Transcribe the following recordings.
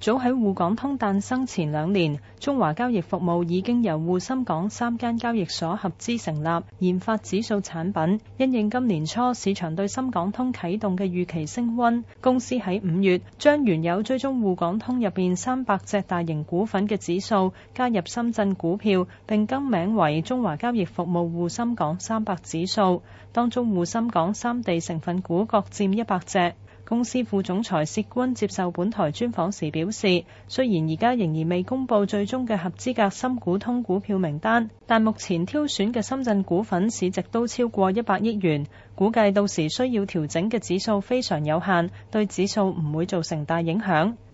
早喺滬港通誕生前兩年，中華交易服務已經由滬深港三間交易所合資成立，研發指數產品。因應今年初市場對深港通啟動嘅預期升溫，公司喺五月將原有追蹤滬港通入面三百隻大型股份嘅指數，加入深圳股票，並更名為中華交易服務滬深港三百指數，當中滬深港三地成分股各佔一百隻。公司副總裁薛鈞接受本台專訪時表示，雖然而家仍然未公布最終嘅合資格深股通股票名單，但目前挑選嘅深圳股份市值都超過一百億元，估計到時需要調整嘅指數非常有限，對指數唔會造成大影響。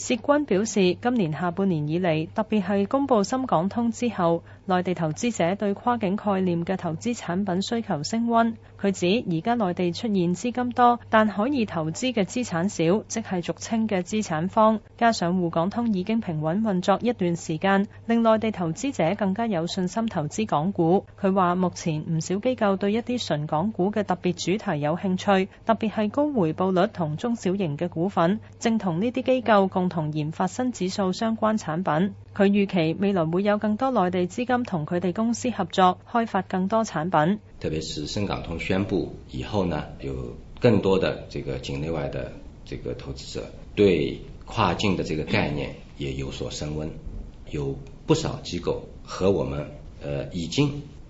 薛鈞表示，今年下半年以嚟，特別係公布深港通之後，內地投資者對跨境概念嘅投資產品需求升溫。佢指而家內地出現資金多，但可以投資嘅資產少，即係俗稱嘅資產荒，加上滬港通已經平穩運作一段時間，令內地投資者更加有信心投資港股。佢話，目前唔少機構對一啲純港股嘅特別主題有興趣，特別係高回報率同中小型嘅股份，正同呢啲機構共。同研發新指數相關產品，佢預期未來會有更多內地資金同佢哋公司合作，開發更多產品。特別是深港通宣布以後呢，有更多的這個境內外的這個投資者對跨境的這個概念也有所升溫，有不少機構和我們呃已經。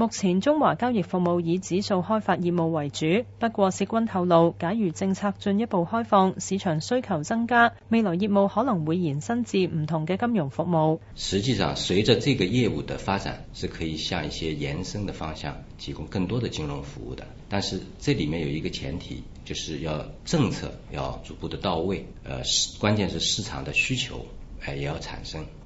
目前中華交易服務以指數開發業務為主，不過薛鈞透露，假如政策進一步開放，市場需求增加，未來業務可能會延伸至唔同嘅金融服務。實際上，隨著這個業務嘅發展，是可以向一些延伸的方向提供更多的金融服務的。但是，這裡面有一個前提，就是要政策要逐步的到位，呃，關鍵是市場的需求，哎，也要產生。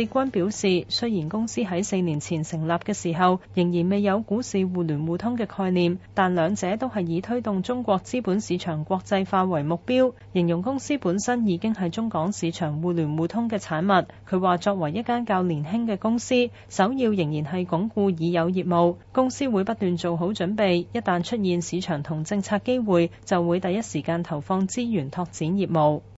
薛鈞表示，雖然公司喺四年前成立嘅時候，仍然未有股市互聯互通嘅概念，但兩者都係以推動中國資本市場國際化為目標。形容公司本身已經係中港市場互聯互通嘅產物。佢話：作為一間較年輕嘅公司，首要仍然係鞏固已有業務。公司會不斷做好準備，一旦出現市場同政策機會，就會第一時間投放資源拓展業務。